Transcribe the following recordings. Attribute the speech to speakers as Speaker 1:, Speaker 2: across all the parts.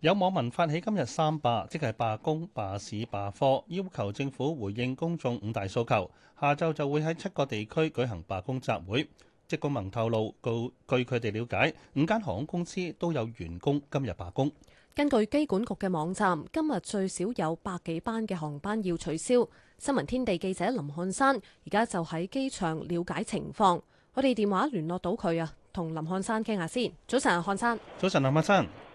Speaker 1: 有網民發起今日三罷，即係罷工、罷市、罷課，要求政府回應公眾五大訴求。下晝就會喺七個地區舉行罷工集會。職工盟透露，告據佢哋了解，五間航空公司都有員工今日罷工。
Speaker 2: 根據機管局嘅網站，今日最少有百幾班嘅航班要取消。新聞天地記者林漢山而家就喺機場了解情況，我哋電話聯絡到佢啊，同林漢山傾下先。早晨，漢山。
Speaker 1: 早晨，林漢山。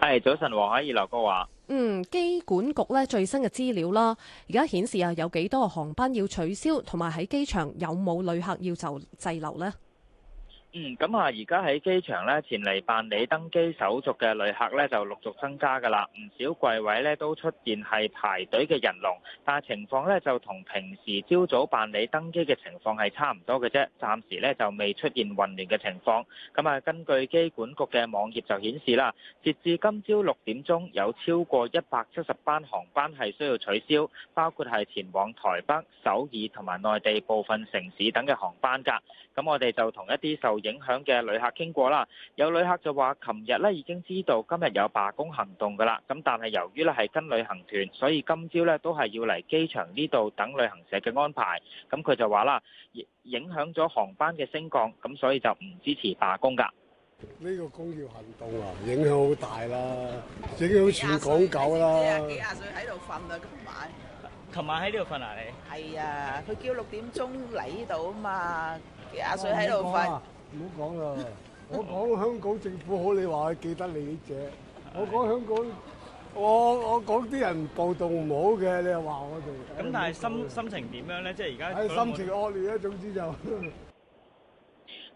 Speaker 1: 係早晨，華阿姨。劉國華。
Speaker 2: 嗯，機管局呢最新嘅資料啦，而家顯示啊有幾多個航班要取消，同埋喺機場有冇旅客要就滯留呢？
Speaker 1: 嗯，咁啊，而家喺機場咧，前嚟辦理登機手續嘅旅客咧，就陸續增加噶啦，唔少櫃位咧都出現係排隊嘅人龍，但係情況咧就同平時朝早辦理登機嘅情況係差唔多嘅啫，暫時咧就未出現混亂嘅情況。咁啊，根據機管局嘅網頁就顯示啦，截至今朝六點鐘，有超過一百七十班航班係需要取消，包括係前往台北、首爾同埋內地部分城市等嘅航班噶。咁我哋就同一啲受影響嘅旅客傾過啦，有旅客就話，琴日咧已經知道今日有罷工行動噶啦，咁但係由於咧係跟旅行團，所以今朝咧都係要嚟機場呢度等旅行社嘅安排。咁佢就話啦，影響咗航班嘅升降，咁所以就唔支持罷工㗎。
Speaker 2: 呢個工業行動啊，影響好大啦，影響全港九啦。幾廿幾廿歲喺度瞓啊！今晚，
Speaker 1: 琴晚喺呢度瞓啊！你
Speaker 2: 係啊，佢叫六點鐘嚟呢度啊嘛，幾廿歲喺度瞓。唔好講啦！我講香港政府好，你話佢記得你啫。我講香港，我我講啲人報道唔好嘅，你又話我哋咁。但
Speaker 1: 係心心情點樣咧？即係而家心情惡
Speaker 2: 劣咧。總之就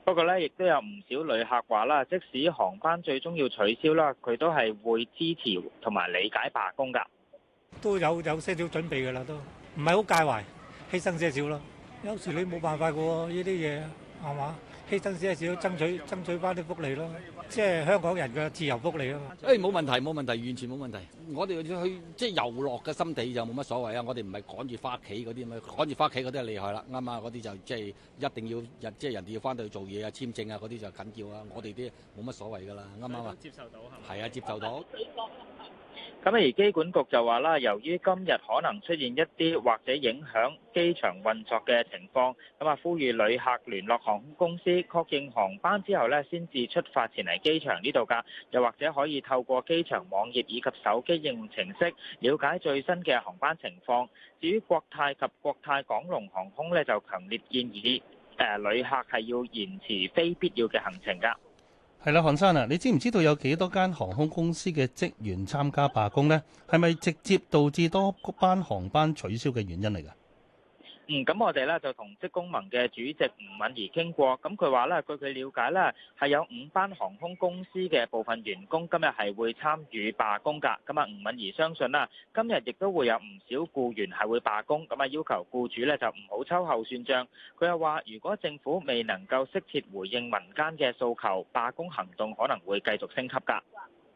Speaker 1: 不過咧，亦都有唔少旅客話啦。即使航班最終要取消啦，佢都係會支持同埋理解罷工㗎。都有有些少準備㗎啦，都唔係好介懷犧牲些少啦。有時你冇辦法嘅喎，呢啲嘢係嘛？犧牲少少，爭取爭取翻啲福利咯，即係香港人嘅自由福利啊嘛！誒、哎，冇問題，冇問題，完全冇問題。我哋去即係遊樂嘅心地就冇乜所謂啊！我哋唔係趕住翻屋企嗰啲咁啊，趕住翻屋企嗰啲就厲害啦，啱啊！嗰啲就即係一定要日即係人哋要翻到去做嘢啊、簽證啊嗰啲就緊要啊！的我哋啲冇乜所謂㗎啦，啱啱啊？接受到係啊，接受到。 咁而機管局就話啦，由於今日可能出現一啲或者影響機場運作嘅情況，咁啊，呼籲旅客聯絡航空公司確認航班之後呢，先至出發前嚟機場呢度噶。又或者可以透過機場網頁以及手機應用程式了解最新嘅航班情況。至於國泰及國泰港龍航空呢，就強烈建議旅客係要延遲非必要嘅行程噶。係啦，漢山啊，你知唔知道有幾多間航空公司嘅職員參加罷工咧？係咪直接導致多班航班取消嘅原因嚟㗎？嗯，咁我哋咧就同職工盟嘅主席吳敏儀傾過，咁佢話咧，據佢了解咧，係有五班航空公司嘅部分員工今日係會參與罷工㗎，咁啊，吳敏儀相信啦，今日亦都會有唔少僱員係會罷工，咁啊要求僱主咧就唔好秋後算帳，佢又話，如果政府未能夠適切回應民間嘅訴求，罷工行動可能會繼續升級㗎。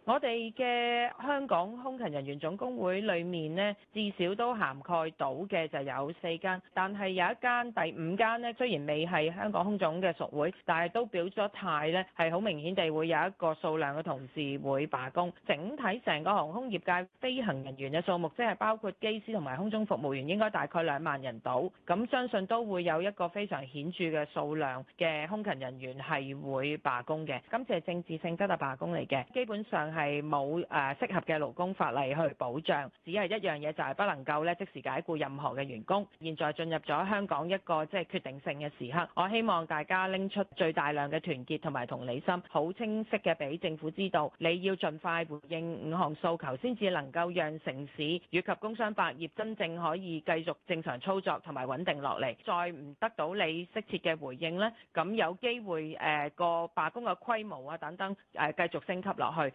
Speaker 2: 我哋嘅香港空勤人員總工會裏面咧，至少都涵蓋到嘅就有四間，但係有一間第五間咧，雖然未係香港空總嘅屬會，但係都表咗態咧，係好明顯地會有一個數量嘅同事會罷工。整體成個航空業界飛行人員嘅數目，即係包括機師同埋空中服務員應該大概兩萬人度，咁相信都會有一個非常顯著嘅數量嘅空勤人員係會罷工嘅。今次係政治性質嘅罷工嚟嘅，基本上。係冇誒適合嘅勞工法例去保障，只係一樣嘢就係不能夠咧即時解雇任何嘅員工。現在進入咗香港一個即係決定性嘅時刻，我希望大家拎出最大量嘅團結同埋同理心，好清晰嘅俾政府知道，你要盡快回應五項訴求，先至能夠讓城市以及工商百業真正可以繼續正常操作同埋穩定落嚟。再唔得到你適切嘅回應呢，咁有機會誒個罷工嘅規模啊等等誒繼續升級落去。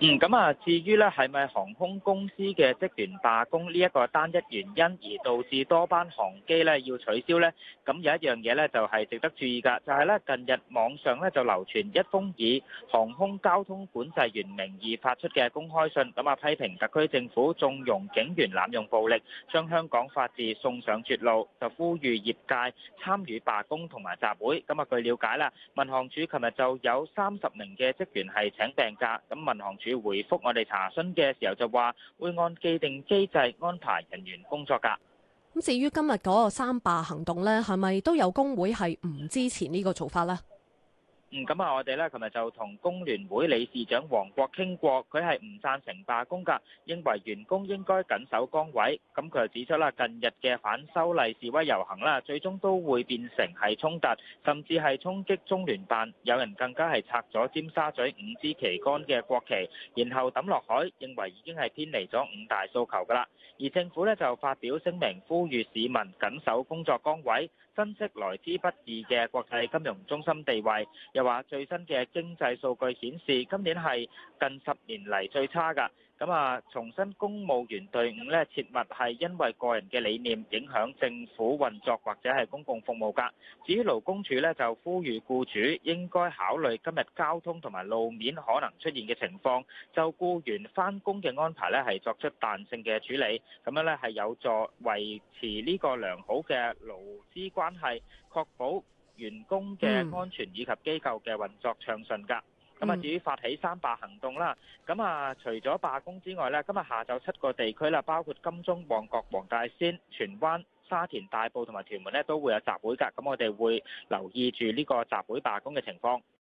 Speaker 2: 嗯，咁啊，
Speaker 1: 至於咧係咪航空公司嘅職員罷工呢一個單一原因而導致多班航機咧要取消呢？咁有一樣嘢呢，就係值得注意㗎，就係呢，近日網上呢就流傳一封以航空交通管制員名義發出嘅公開信，咁啊批評特區政府縱容警員濫用暴力，將香港法治送上絕路，就呼籲業界參與罷工同埋集會。咁啊據了解啦，民航處琴日就有三十名嘅職員係請病假。民航處回覆我哋查詢嘅時候就話，會按既定機制安排人員工作噶。
Speaker 2: 咁至於今日嗰個三罷行動呢係咪都有工會係唔支持呢個做法呢？
Speaker 1: 嗯，咁啊，我哋咧，琴日就同工聯會理事長黃國傾過，佢係唔贊成罷工㗎，認為員工應該緊守崗位。咁佢又指出啦，近日嘅反修例示威遊行啦，最終都會變成係衝突，甚至係衝擊中聯辦，有人更加係拆咗尖沙咀五支旗杆嘅國旗，然後抌落海，認為已經係偏離咗五大訴求㗎啦。而政府咧就發表聲明，呼籲市民緊守工作崗位。珍惜來之不易嘅國際金融中心地位，又話最新嘅經濟數據顯示，今年係近十年嚟最差嘅。咁啊，重新公務員隊伍咧，切勿係因為個人嘅理念影響政府運作或者係公共服務噶。至於勞工處咧，就呼籲僱主應該考慮今日交通同埋路面可能出現嘅情況，就僱員翻工嘅安排咧，係作出彈性嘅處理，咁樣咧係有助維持呢個良好嘅勞資關係，確保員工嘅安全以及機構嘅運作暢順噶。嗯咁啊！嗯、至於發起三罷行動啦，咁啊，除咗罷工之外咧，今日下晝七個地區啦，包括金鐘、旺角、黃大仙、荃灣、沙田、大埔同埋屯門咧，都會有集會㗎。咁我哋會留意住呢個集會罷工嘅情況。